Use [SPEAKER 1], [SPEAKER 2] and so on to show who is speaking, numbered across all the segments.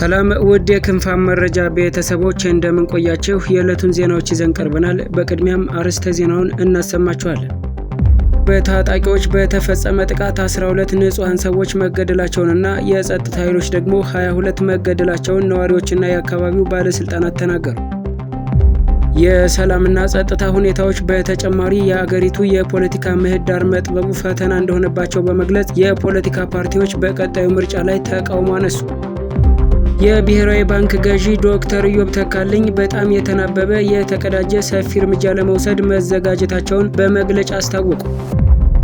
[SPEAKER 1] ሰላም ውድ የክንፋም መረጃ ቤተሰቦች እንደምን ቆያችሁ? የዕለቱን ዜናዎች ይዘን ቀርበናል። በቅድሚያም አርዕስተ ዜናውን እናሰማችኋለን። በታጣቂዎች በተፈጸመ ጥቃት 12 ንጹሐን ሰዎች መገደላቸውንና የጸጥታ ኃይሎች ደግሞ 22 መገደላቸውን ነዋሪዎችና የአካባቢው ባለሥልጣናት ተናገሩ። የሰላምና ጸጥታ ሁኔታዎች በተጨማሪ የአገሪቱ የፖለቲካ ምህዳር መጥበቡ ፈተና እንደሆነባቸው በመግለጽ የፖለቲካ ፓርቲዎች በቀጣዩ ምርጫ ላይ ተቃውሞ አነሱ። የብሔራዊ ባንክ ገዢ ዶክተር ኢዮብ ተካልኝ በጣም የተናበበ የተቀዳጀ ሰፊ እርምጃ ለመውሰድ መዘጋጀታቸውን በመግለጫ አስታወቁ።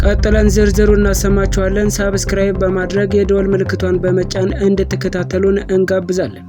[SPEAKER 1] ቀጥለን ዝርዝሩ እናሰማችኋለን። ሳብስክራይብ በማድረግ የደወል ምልክቷን በመጫን እንድትከታተሉን እንጋብዛለን።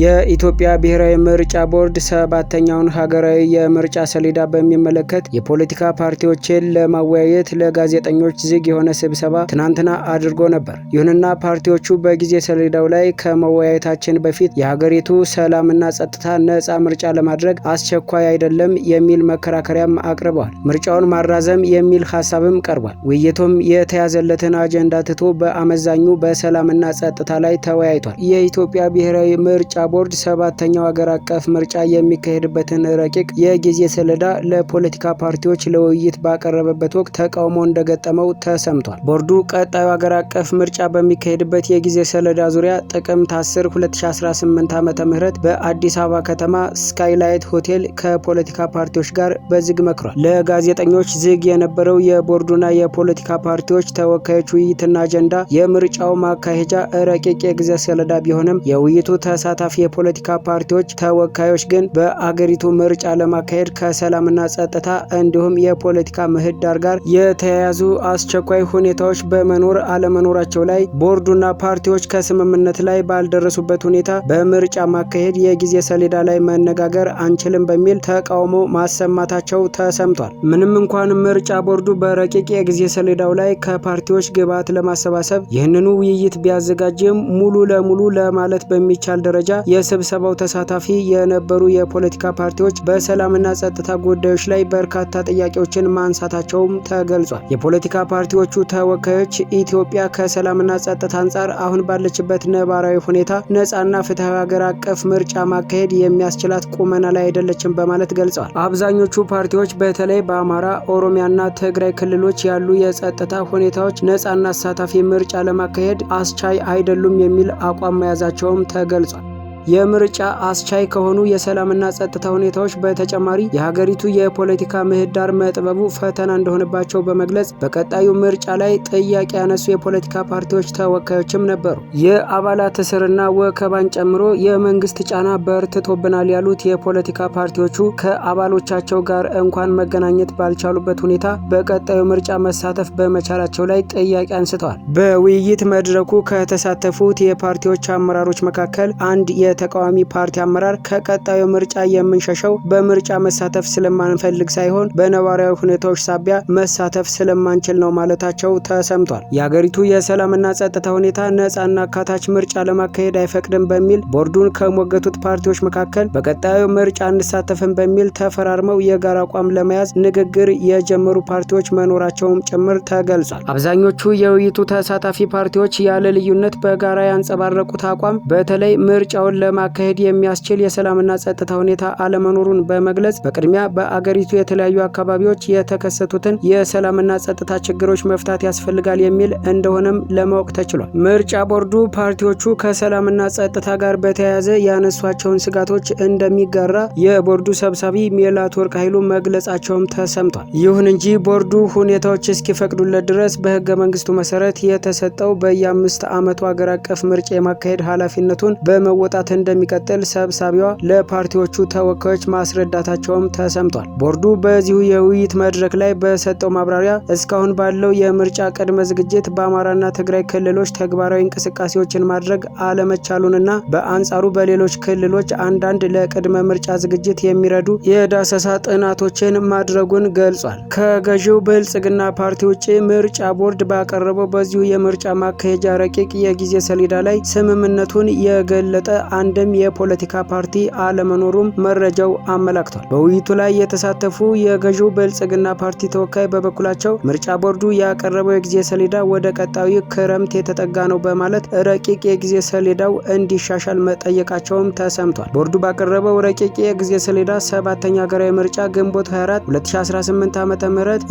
[SPEAKER 1] የኢትዮጵያ ብሔራዊ ምርጫ ቦርድ ሰባተኛውን ሀገራዊ የምርጫ ሰሌዳ በሚመለከት የፖለቲካ ፓርቲዎችን ለማወያየት ለጋዜጠኞች ዝግ የሆነ ስብሰባ ትናንትና አድርጎ ነበር። ይሁንና ፓርቲዎቹ በጊዜ ሰሌዳው ላይ ከመወያየታችን በፊት የሀገሪቱ ሰላምና ጸጥታ ነጻ ምርጫ ለማድረግ አስቸኳይ አይደለም የሚል መከራከሪያም አቅርበዋል። ምርጫውን ማራዘም የሚል ሀሳብም ቀርቧል። ውይይቱም የተያዘለትን አጀንዳ ትቶ በአመዛኙ በሰላምና ጸጥታ ላይ ተወያይቷል። የኢትዮጵያ ብሔራዊ ምርጫ ቦርድ ሰባተኛው ሀገር አቀፍ ምርጫ የሚካሄድበትን ረቂቅ የጊዜ ሰሌዳ ለፖለቲካ ፓርቲዎች ለውይይት ባቀረበበት ወቅት ተቃውሞ እንደገጠመው ተሰምቷል። ቦርዱ ቀጣዩ ሀገር አቀፍ ምርጫ በሚካሄድበት የጊዜ ሰሌዳ ዙሪያ ጥቅምት 10 2018 ዓ ም በአዲስ አበባ ከተማ ስካይላይት ሆቴል ከፖለቲካ ፓርቲዎች ጋር በዝግ መክሯል። ለጋዜጠኞች ዝግ የነበረው የቦርዱና የፖለቲካ ፓርቲዎች ተወካዮች ውይይትና አጀንዳ የምርጫው ማካሄጃ ረቂቅ የጊዜ ሰሌዳ ቢሆንም የውይይቱ ተሳታፊ ድጋፍ የፖለቲካ ፓርቲዎች ተወካዮች ግን በአገሪቱ ምርጫ ለማካሄድ ከሰላምና ጸጥታ እንዲሁም የፖለቲካ ምህዳር ጋር የተያያዙ አስቸኳይ ሁኔታዎች በመኖር አለመኖራቸው ላይ ቦርዱና ፓርቲዎች ከስምምነት ላይ ባልደረሱበት ሁኔታ በምርጫ ማካሄድ የጊዜ ሰሌዳ ላይ መነጋገር አንችልም በሚል ተቃውሞ ማሰማታቸው ተሰምቷል። ምንም እንኳን ምርጫ ቦርዱ በረቂቅ የጊዜ ሰሌዳው ላይ ከፓርቲዎች ግብዓት ለማሰባሰብ ይህንኑ ውይይት ቢያዘጋጅም ሙሉ ለሙሉ ለማለት በሚቻል ደረጃ የስብሰባው ተሳታፊ የነበሩ የፖለቲካ ፓርቲዎች በሰላምና ጸጥታ ጉዳዮች ላይ በርካታ ጥያቄዎችን ማንሳታቸውም ተገልጿል። የፖለቲካ ፓርቲዎቹ ተወካዮች ኢትዮጵያ ከሰላምና ጸጥታ አንጻር አሁን ባለችበት ነባራዊ ሁኔታ ነጻና ፍትሐዊ ሀገር አቀፍ ምርጫ ማካሄድ የሚያስችላት ቁመና ላይ አይደለችም በማለት ገልጸዋል። አብዛኞቹ ፓርቲዎች በተለይ በአማራ፣ ኦሮሚያና ትግራይ ክልሎች ያሉ የጸጥታ ሁኔታዎች ነጻና አሳታፊ ምርጫ ለማካሄድ አስቻይ አይደሉም የሚል አቋም መያዛቸውም ተገልጿል። የምርጫ አስቻይ ከሆኑ የሰላምና ጸጥታ ሁኔታዎች በተጨማሪ የሀገሪቱ የፖለቲካ ምህዳር መጥበቡ ፈተና እንደሆነባቸው በመግለጽ በቀጣዩ ምርጫ ላይ ጥያቄ ያነሱ የፖለቲካ ፓርቲዎች ተወካዮችም ነበሩ። የአባላት እስርና ወከባን ጨምሮ የመንግስት ጫና በርትቶብናል ያሉት የፖለቲካ ፓርቲዎቹ ከአባሎቻቸው ጋር እንኳን መገናኘት ባልቻሉበት ሁኔታ በቀጣዩ ምርጫ መሳተፍ በመቻላቸው ላይ ጥያቄ አንስተዋል። በውይይት መድረኩ ከተሳተፉት የፓርቲዎች አመራሮች መካከል አንድ የ የተቃዋሚ ፓርቲ አመራር ከቀጣዩ ምርጫ የምንሸሸው በምርጫ መሳተፍ ስለማንፈልግ ሳይሆን በነባራዊ ሁኔታዎች ሳቢያ መሳተፍ ስለማንችል ነው ማለታቸው ተሰምቷል። የአገሪቱ የሰላምና ጸጥታ ሁኔታ ነፃና አካታች ምርጫ ለማካሄድ አይፈቅድም በሚል ቦርዱን ከሞገቱት ፓርቲዎች መካከል በቀጣዩ ምርጫ አንሳተፍም በሚል ተፈራርመው የጋራ አቋም ለመያዝ ንግግር የጀመሩ ፓርቲዎች መኖራቸውም ጭምር ተገልጿል። አብዛኞቹ የውይይቱ ተሳታፊ ፓርቲዎች ያለ ልዩነት በጋራ ያንጸባረቁት አቋም በተለይ ምርጫውን ለማካሄድ የሚያስችል የሰላምና ጸጥታ ሁኔታ አለመኖሩን በመግለጽ በቅድሚያ በአገሪቱ የተለያዩ አካባቢዎች የተከሰቱትን የሰላምና ጸጥታ ችግሮች መፍታት ያስፈልጋል የሚል እንደሆነም ለማወቅ ተችሏል። ምርጫ ቦርዱ ፓርቲዎቹ ከሰላምና ጸጥታ ጋር በተያያዘ ያነሷቸውን ስጋቶች እንደሚጋራ የቦርዱ ሰብሳቢ ወርቅ ኃይሉ መግለጻቸውም ተሰምቷል። ይሁን እንጂ ቦርዱ ሁኔታዎች እስኪፈቅዱለት ድረስ በህገ መንግስቱ መሰረት የተሰጠው በየአምስት ዓመቱ አገር አቀፍ ምርጫ የማካሄድ ኃላፊነቱን በመወጣት እንደሚቀጥል ሰብሳቢዋ ለፓርቲዎቹ ተወካዮች ማስረዳታቸውም ተሰምቷል። ቦርዱ በዚሁ የውይይት መድረክ ላይ በሰጠው ማብራሪያ እስካሁን ባለው የምርጫ ቅድመ ዝግጅት በአማራና ትግራይ ክልሎች ተግባራዊ እንቅስቃሴዎችን ማድረግ አለመቻሉንና በአንጻሩ በሌሎች ክልሎች አንዳንድ ለቅድመ ምርጫ ዝግጅት የሚረዱ የዳሰሳ ጥናቶችን ማድረጉን ገልጿል። ከገዢው ብልጽግና ፓርቲ ውጭ ምርጫ ቦርድ ባቀረበው በዚሁ የምርጫ ማካሄጃ ረቂቅ የጊዜ ሰሌዳ ላይ ስምምነቱን የገለጠ አንድም የፖለቲካ ፓርቲ አለመኖሩም መረጃው አመላክቷል። በውይይቱ ላይ የተሳተፉ የገዢው ብልጽግና ፓርቲ ተወካይ በበኩላቸው ምርጫ ቦርዱ ያቀረበው የጊዜ ሰሌዳ ወደ ቀጣዩ ክረምት የተጠጋ ነው በማለት ረቂቅ የጊዜ ሰሌዳው እንዲሻሻል መጠየቃቸውም ተሰምቷል። ቦርዱ ባቀረበው ረቂቅ የጊዜ ሰሌዳ ሰባተኛ ሀገራዊ ምርጫ ግንቦት 24 2018 ዓ ም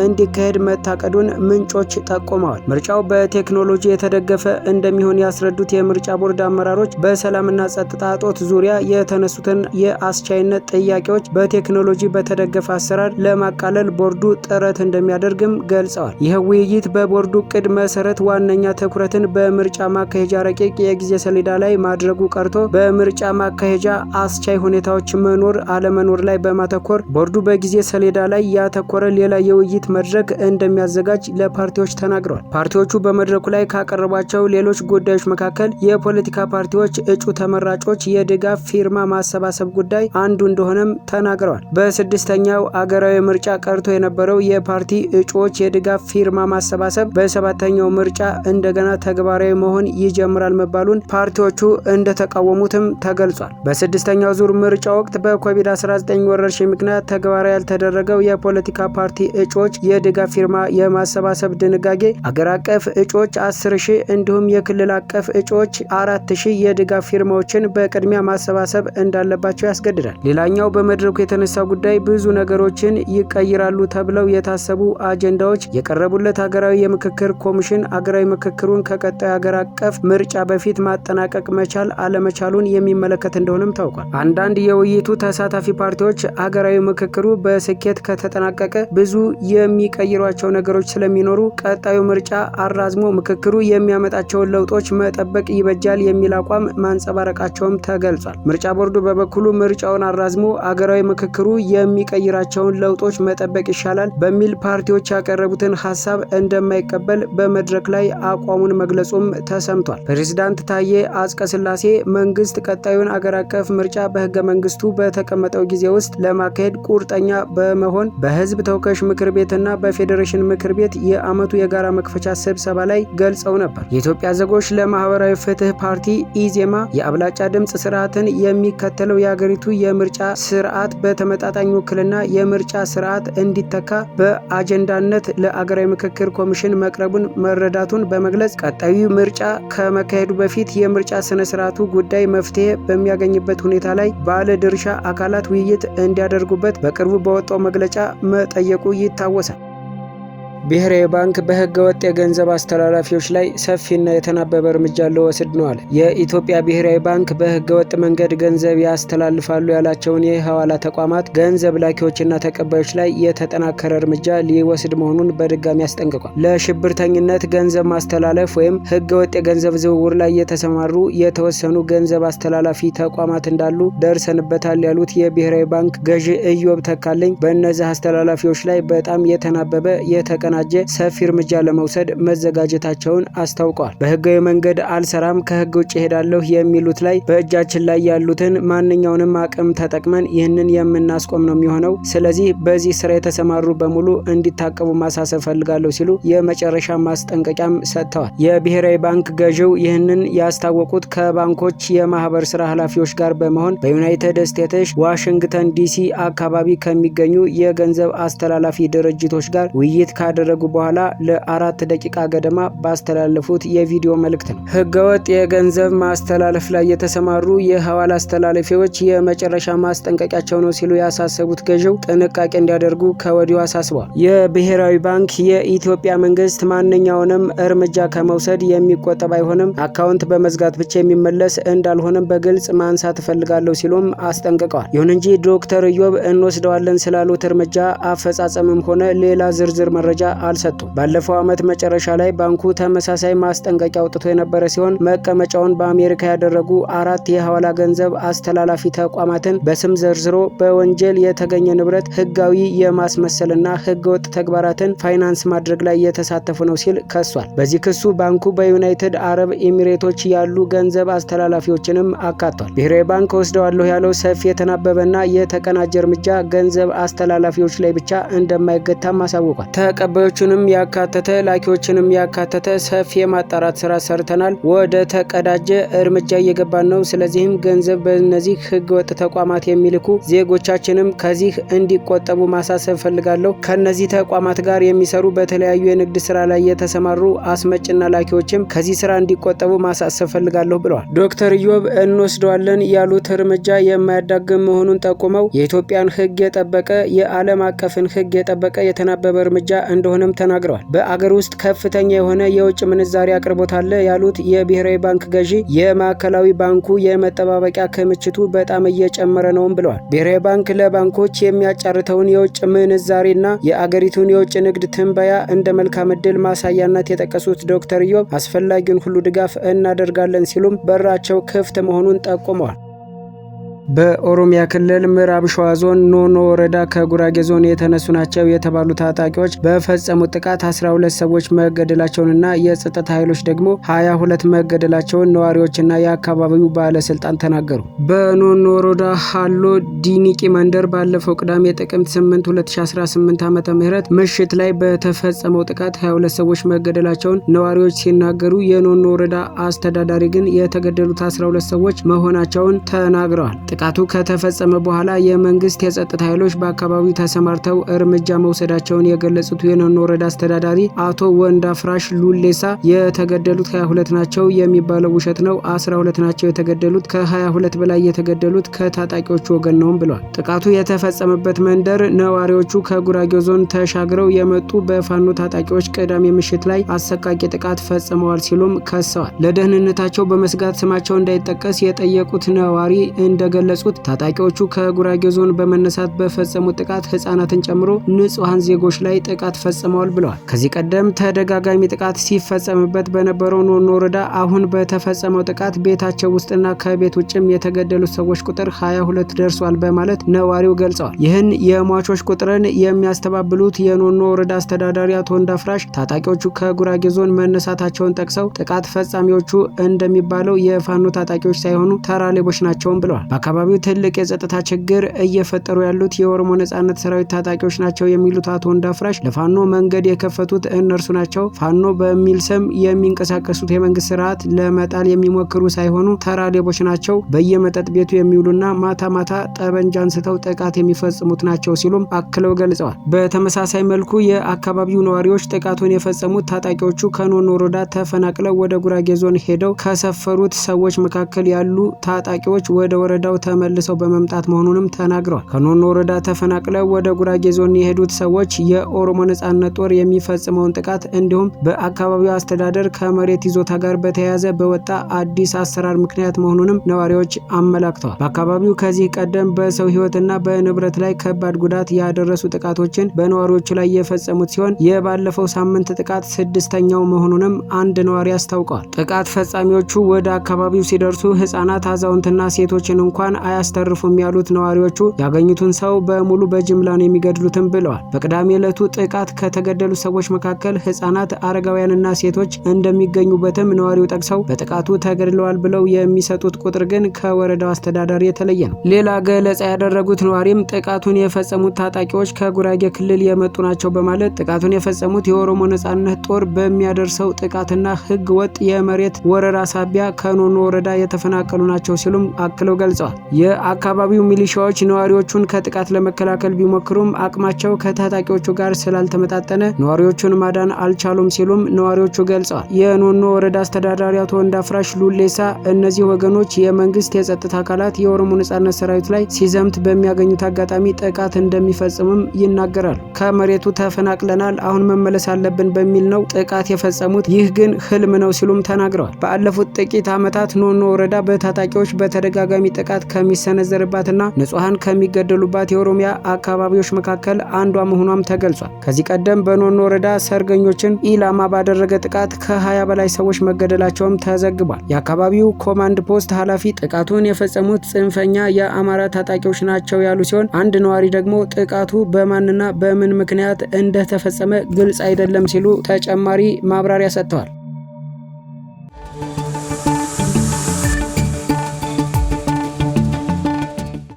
[SPEAKER 1] እንዲካሄድ መታቀዱን ምንጮች ጠቁመዋል። ምርጫው በቴክኖሎጂ የተደገፈ እንደሚሆን ያስረዱት የምርጫ ቦርድ አመራሮች በሰላምና ጸጥታ አጣጦት ዙሪያ የተነሱትን የአስቻይነት ጥያቄዎች በቴክኖሎጂ በተደገፈ አሰራር ለማቃለል ቦርዱ ጥረት እንደሚያደርግም ገልጸዋል። ይህ ውይይት በቦርዱ እቅድ መሰረት ዋነኛ ትኩረትን በምርጫ ማካሄጃ ረቂቅ የጊዜ ሰሌዳ ላይ ማድረጉ ቀርቶ በምርጫ ማካሄጃ አስቻይ ሁኔታዎች መኖር አለመኖር ላይ በማተኮር ቦርዱ በጊዜ ሰሌዳ ላይ ያተኮረ ሌላ የውይይት መድረክ እንደሚያዘጋጅ ለፓርቲዎች ተናግረዋል። ፓርቲዎቹ በመድረኩ ላይ ካቀረቧቸው ሌሎች ጉዳዮች መካከል የፖለቲካ ፓርቲዎች እጩ ተመራጮ ድርጅቶች የድጋፍ ፊርማ ማሰባሰብ ጉዳይ አንዱ እንደሆነም ተናግረዋል። በስድስተኛው አገራዊ ምርጫ ቀርቶ የነበረው የፓርቲ እጩዎች የድጋፍ ፊርማ ማሰባሰብ በሰባተኛው ምርጫ እንደገና ተግባራዊ መሆን ይጀምራል መባሉን ፓርቲዎቹ እንደተቃወሙትም ተገልጿል። በስድስተኛው ዙር ምርጫ ወቅት በኮቪድ-19 ወረርሽኝ ምክንያት ተግባራዊ ያልተደረገው የፖለቲካ ፓርቲ እጩዎች የድጋፍ ፊርማ የማሰባሰብ ድንጋጌ አገር አቀፍ እጩዎች 10 ሺህ እንዲሁም የክልል አቀፍ እጩዎች አራት ሺህ የድጋፍ ፊርማዎችን በቅድሚያ ማሰባሰብ እንዳለባቸው ያስገድዳል። ሌላኛው በመድረኩ የተነሳው ጉዳይ ብዙ ነገሮችን ይቀይራሉ ተብለው የታሰቡ አጀንዳዎች የቀረቡለት ሀገራዊ የምክክር ኮሚሽን ሀገራዊ ምክክሩን ከቀጣዩ ሀገር አቀፍ ምርጫ በፊት ማጠናቀቅ መቻል አለመቻሉን የሚመለከት እንደሆነም ታውቋል። አንዳንድ የውይይቱ ተሳታፊ ፓርቲዎች ሀገራዊ ምክክሩ በስኬት ከተጠናቀቀ ብዙ የሚቀይሯቸው ነገሮች ስለሚኖሩ ቀጣዩ ምርጫ አራዝሞ ምክክሩ የሚያመጣቸውን ለውጦች መጠበቅ ይበጃል የሚል አቋም ማንጸባረቃቸው መሆናቸውም ተገልጿል። ምርጫ ቦርዱ በበኩሉ ምርጫውን አራዝሞ አገራዊ ምክክሩ የሚቀይራቸውን ለውጦች መጠበቅ ይሻላል በሚል ፓርቲዎች ያቀረቡትን ሀሳብ እንደማይቀበል በመድረክ ላይ አቋሙን መግለጹም ተሰምቷል። ፕሬዚዳንት ታዬ አጽቀ ሥላሴ መንግስት ቀጣዩን አገር አቀፍ ምርጫ በህገ መንግስቱ በተቀመጠው ጊዜ ውስጥ ለማካሄድ ቁርጠኛ በመሆን በህዝብ ተወካዮች ምክር ቤትና በፌዴሬሽን ምክር ቤት የአመቱ የጋራ መክፈቻ ስብሰባ ላይ ገልጸው ነበር። የኢትዮጵያ ዜጎች ለማህበራዊ ፍትህ ፓርቲ ኢዜማ የአብላጫ ድምፅ ስርዓትን የሚከተለው የአገሪቱ የምርጫ ስርዓት በተመጣጣኝ ውክልና የምርጫ ስርዓት እንዲተካ በአጀንዳነት ለአገራዊ ምክክር ኮሚሽን መቅረቡን መረዳቱን በመግለጽ ቀጣዩ ምርጫ ከመካሄዱ በፊት የምርጫ ስነ ስርዓቱ ጉዳይ መፍትሄ በሚያገኝበት ሁኔታ ላይ ባለ ድርሻ አካላት ውይይት እንዲያደርጉበት በቅርቡ በወጣው መግለጫ መጠየቁ ይታወሳል።
[SPEAKER 2] ብሔራዊ ባንክ በህገወጥ የገንዘብ አስተላላፊዎች ላይ ሰፊና የተናበበ እርምጃ ሊወስድ ነዋል። የኢትዮጵያ ብሔራዊ ባንክ በህገወጥ መንገድ ገንዘብ ያስተላልፋሉ ያላቸውን የሐዋላ ተቋማት፣ ገንዘብ ላኪዎችና ተቀባዮች ላይ የተጠናከረ እርምጃ ሊወስድ መሆኑን በድጋሚ አስጠንቅቋል። ለሽብርተኝነት ገንዘብ ማስተላለፍ ወይም ህገወጥ የገንዘብ ዝውውር ላይ የተሰማሩ የተወሰኑ ገንዘብ አስተላላፊ ተቋማት እንዳሉ ደርሰንበታል ያሉት የብሔራዊ ባንክ ገዢ እዮብ ተካልኝ በእነዚህ አስተላላፊዎች ላይ በጣም የተናበበ የተቀ የተቀናጀ ሰፊ እርምጃ ለመውሰድ መዘጋጀታቸውን አስታውቋል። በህጋዊ መንገድ አልሰራም፣ ከህግ ውጭ ሄዳለሁ የሚሉት ላይ በእጃችን ላይ ያሉትን ማንኛውንም አቅም ተጠቅመን ይህንን የምናስቆም ነው የሚሆነው። ስለዚህ በዚህ ስራ የተሰማሩ በሙሉ እንዲታቀቡ ማሳሰብ ፈልጋለሁ ሲሉ የመጨረሻ ማስጠንቀቂያም ሰጥተዋል። የብሔራዊ ባንክ ገዢው ይህንን ያስታወቁት ከባንኮች የማህበር ስራ ኃላፊዎች ጋር በመሆን በዩናይትድ ስቴትስ ዋሽንግተን ዲሲ አካባቢ ከሚገኙ የገንዘብ አስተላላፊ ድርጅቶች ጋር ውይይት ካደ ካደረጉ በኋላ ለአራት ደቂቃ ገደማ ባስተላለፉት የቪዲዮ መልእክት ነው። ህገወጥ የገንዘብ ማስተላለፍ ላይ የተሰማሩ የሐዋላ አስተላለፊዎች የመጨረሻ ማስጠንቀቂያቸው ነው ሲሉ ያሳሰቡት ገዢው ጥንቃቄ እንዲያደርጉ ከወዲሁ አሳስበዋል። የብሔራዊ ባንክ የኢትዮጵያ መንግስት ማንኛውንም እርምጃ ከመውሰድ የሚቆጠብ አይሆንም፣ አካውንት በመዝጋት ብቻ የሚመለስ እንዳልሆነም በግልጽ ማንሳት እፈልጋለሁ ሲሉም አስጠንቅቀዋል። ይሁን እንጂ ዶክተር ኢዮብ እንወስደዋለን ስላሉት እርምጃ አፈጻጸምም ሆነ ሌላ ዝርዝር መረጃ አልሰጡም። ባለፈው ዓመት መጨረሻ ላይ ባንኩ ተመሳሳይ ማስጠንቀቂያ አውጥቶ የነበረ ሲሆን መቀመጫውን በአሜሪካ ያደረጉ አራት የሐዋላ ገንዘብ አስተላላፊ ተቋማትን በስም ዘርዝሮ በወንጀል የተገኘ ንብረት ህጋዊ የማስመሰልና ህገወጥ ተግባራትን ፋይናንስ ማድረግ ላይ እየተሳተፉ ነው ሲል ከሷል። በዚህ ክሱ ባንኩ በዩናይትድ አረብ ኤሚሬቶች ያሉ ገንዘብ አስተላላፊዎችንም አካቷል። ብሔራዊ ባንክ ወስደዋለሁ ያለው ሰፊ የተናበበና የተቀናጀ እርምጃ ገንዘብ አስተላላፊዎች ላይ ብቻ እንደማይገታም አሳውቋል። ተቀባዮቹንም ያካተተ ላኪዎችንም ያካተተ ሰፊ የማጣራት ስራ ሰርተናል። ወደ ተቀዳጀ እርምጃ እየገባን ነው። ስለዚህም ገንዘብ በእነዚህ ህገ ወጥ ተቋማት የሚልኩ ዜጎቻችንም ከዚህ እንዲቆጠቡ ማሳሰብ ፈልጋለሁ። ከነዚህ ተቋማት ጋር የሚሰሩ በተለያዩ የንግድ ስራ ላይ የተሰማሩ አስመጭና ላኪዎችም ከዚህ ስራ እንዲቆጠቡ ማሳሰብ ፈልጋለሁ ብለዋል። ዶክተር ኢዮብ እንወስደዋለን ያሉት እርምጃ የማያዳግም መሆኑን ጠቁመው የኢትዮጵያን ህግ የጠበቀ የዓለም አቀፍን ህግ የጠበቀ የተናበበ እርምጃ እንደሆነ እንደሆነም ተናግረዋል። በአገር ውስጥ ከፍተኛ የሆነ የውጭ ምንዛሪ አቅርቦት አለ ያሉት የብሔራዊ ባንክ ገዢ የማዕከላዊ ባንኩ የመጠባበቂያ ክምችቱ በጣም እየጨመረ ነውም ብለዋል። ብሔራዊ ባንክ ለባንኮች የሚያጫርተውን የውጭ ምንዛሬና የአገሪቱን የውጭ ንግድ ትንበያ እንደ መልካም እድል ማሳያነት የጠቀሱት ዶክተር ዮብ አስፈላጊውን ሁሉ ድጋፍ እናደርጋለን ሲሉም በራቸው ክፍት መሆኑን ጠቁመዋል። በኦሮሚያ ክልል ምዕራብ ሸዋ ዞን ኖኖ ወረዳ ከጉራጌ ዞን የተነሱ ናቸው የተባሉ ታጣቂዎች በፈጸሙት ጥቃት 12 ሰዎች መገደላቸውንና የጸጥታ ኃይሎች ደግሞ 22 መገደላቸውን ነዋሪዎችና የአካባቢው ባለስልጣን ተናገሩ። በኖኖ ወረዳ ሀሎ ዲኒቂ መንደር ባለፈው ቅዳሜ ጥቅምት 8 2018 ዓ ም ምሽት ላይ በተፈጸመው ጥቃት 22 ሰዎች መገደላቸውን ነዋሪዎች ሲናገሩ የኖኖ ወረዳ አስተዳዳሪ ግን የተገደሉት 12 ሰዎች መሆናቸውን ተናግረዋል። ጥቃቱ ከተፈጸመ በኋላ የመንግስት የጸጥታ ኃይሎች በአካባቢው ተሰማርተው እርምጃ መውሰዳቸውን የገለጹት የኖኖ ወረዳ አስተዳዳሪ አቶ ወንዳ ፍራሽ ሉሌሳ የተገደሉት 22 ናቸው የሚባለው ውሸት ነው፣ 12 ናቸው የተገደሉት፣ ከ22 በላይ የተገደሉት ከታጣቂዎቹ ወገን ነውም ብለዋል። ጥቃቱ የተፈጸመበት መንደር ነዋሪዎቹ ከጉራጌው ዞን ተሻግረው የመጡ በፋኖ ታጣቂዎች ቅዳሜ ምሽት ላይ አሰቃቂ ጥቃት ፈጽመዋል ሲሉም ከሰዋል። ለደህንነታቸው በመስጋት ስማቸው እንዳይጠቀስ የጠየቁት ነዋሪ እንደገ የገለጹት ታጣቂዎቹ ከጉራጌ ዞን በመነሳት በፈጸሙት ጥቃት ህጻናትን ጨምሮ ንጹሐን ዜጎች ላይ ጥቃት ፈጽመዋል ብለዋል። ከዚህ ቀደም ተደጋጋሚ ጥቃት ሲፈጸምበት በነበረው ኖኖ ወረዳ አሁን በተፈጸመው ጥቃት ቤታቸው ውስጥና ከቤት ውጭም የተገደሉት ሰዎች ቁጥር 22 ደርሷል በማለት ነዋሪው ገልጸዋል። ይህን የሟቾች ቁጥርን የሚያስተባብሉት የኖኖ ወረዳ አስተዳዳሪ አቶ እንዳፍራሽ ታጣቂዎቹ ከጉራጌ ዞን መነሳታቸውን ጠቅሰው ጥቃት ፈጻሚዎቹ እንደሚባለው የፋኖ ታጣቂዎች ሳይሆኑ ተራ ሌቦች ናቸውም ብለዋል። በአካባቢው ትልቅ የጸጥታ ችግር እየፈጠሩ ያሉት የኦሮሞ ነጻነት ሰራዊት ታጣቂዎች ናቸው የሚሉት አቶ ወንዳፍራሽ ለፋኖ መንገድ የከፈቱት እነርሱ ናቸው። ፋኖ በሚል ስም የሚንቀሳቀሱት የመንግስት ስርዓት ለመጣል የሚሞክሩ ሳይሆኑ ተራ ሌቦች ናቸው። በየመጠጥ ቤቱ የሚውሉና ማታ ማታ ጠበንጃ አንስተው ጥቃት የሚፈጽሙት ናቸው ሲሉም አክለው ገልጸዋል። በተመሳሳይ መልኩ የአካባቢው ነዋሪዎች ጥቃቱን የፈጸሙት ታጣቂዎቹ ከኖኖ ወረዳ ተፈናቅለው ወደ ጉራጌ ዞን ሄደው ከሰፈሩት ሰዎች መካከል ያሉ ታጣቂዎች ወደ ወረዳው ተመልሰው በመምጣት መሆኑንም ተናግረዋል። ከኖኖ ወረዳ ተፈናቅለው ወደ ጉራጌ ዞን የሄዱት ሰዎች የኦሮሞ ነጻነት ጦር የሚፈጽመውን ጥቃት እንዲሁም በአካባቢው አስተዳደር ከመሬት ይዞታ ጋር በተያያዘ በወጣ አዲስ አሰራር ምክንያት መሆኑንም ነዋሪዎች አመላክተዋል። በአካባቢው ከዚህ ቀደም በሰው ሕይወትና በንብረት ላይ ከባድ ጉዳት ያደረሱ ጥቃቶችን በነዋሪዎቹ ላይ የፈጸሙት ሲሆን የባለፈው ሳምንት ጥቃት ስድስተኛው መሆኑንም አንድ ነዋሪ አስታውቀዋል። ጥቃት ፈጻሚዎቹ ወደ አካባቢው ሲደርሱ ህጻናት፣ አዛውንትና ሴቶችን እንኳን እንኳን አያስተርፉም ያሉት ነዋሪዎቹ ያገኙትን ሰው በሙሉ በጅምላ ነው የሚገድሉትም ብለዋል። በቅዳሜ ዕለቱ ጥቃት ከተገደሉ ሰዎች መካከል ህጻናት፣ አረጋውያንና ሴቶች እንደሚገኙበትም ነዋሪው ጠቅሰው በጥቃቱ ተገድለዋል ብለው የሚሰጡት ቁጥር ግን ከወረዳው አስተዳዳሪ የተለየ ነው። ሌላ ገለጻ ያደረጉት ነዋሪም ጥቃቱን የፈጸሙት ታጣቂዎች ከጉራጌ ክልል የመጡ ናቸው በማለት ጥቃቱን የፈጸሙት የኦሮሞ ነጻነት ጦር በሚያደርሰው ጥቃትና ህገ ወጥ የመሬት ወረራ ሳቢያ ከኖኖ ወረዳ የተፈናቀሉ ናቸው ሲሉም አክለው ገልጸዋል። የአካባቢው ሚሊሻዎች ነዋሪዎቹን ከጥቃት ለመከላከል ቢሞክሩም አቅማቸው ከታጣቂዎቹ ጋር ስላልተመጣጠነ ነዋሪዎቹን ማዳን አልቻሉም ሲሉም ነዋሪዎቹ ገልጸዋል። የኖኖ ወረዳ አስተዳዳሪ አቶ ወንዳፍራሽ ሉሌሳ እነዚህ ወገኖች የመንግስት የጸጥታ አካላት የኦሮሞ ነጻነት ሰራዊት ላይ ሲዘምት በሚያገኙት አጋጣሚ ጥቃት እንደሚፈጽምም ይናገራል። ከመሬቱ ተፈናቅለናል፣ አሁን መመለስ አለብን በሚል ነው ጥቃት የፈጸሙት። ይህ ግን ህልም ነው ሲሉም ተናግረዋል። ባለፉት ጥቂት ዓመታት ኖኖ ወረዳ በታጣቂዎች በተደጋጋሚ ጥቃት ከሚሰነዘርባትና ንጹሐን ከሚገደሉባት የኦሮሚያ አካባቢዎች መካከል አንዷ መሆኗም ተገልጿል። ከዚህ ቀደም በኖኖ ወረዳ ሰርገኞችን ኢላማ ባደረገ ጥቃት ከ20 በላይ ሰዎች መገደላቸውም ተዘግቧል። የአካባቢው ኮማንድ ፖስት ኃላፊ ጥቃቱን የፈጸሙት ጽንፈኛ የአማራ ታጣቂዎች ናቸው ያሉ ሲሆን አንድ ነዋሪ ደግሞ ጥቃቱ በማንና በምን ምክንያት እንደተፈጸመ ግልጽ አይደለም ሲሉ ተጨማሪ ማብራሪያ ሰጥተዋል።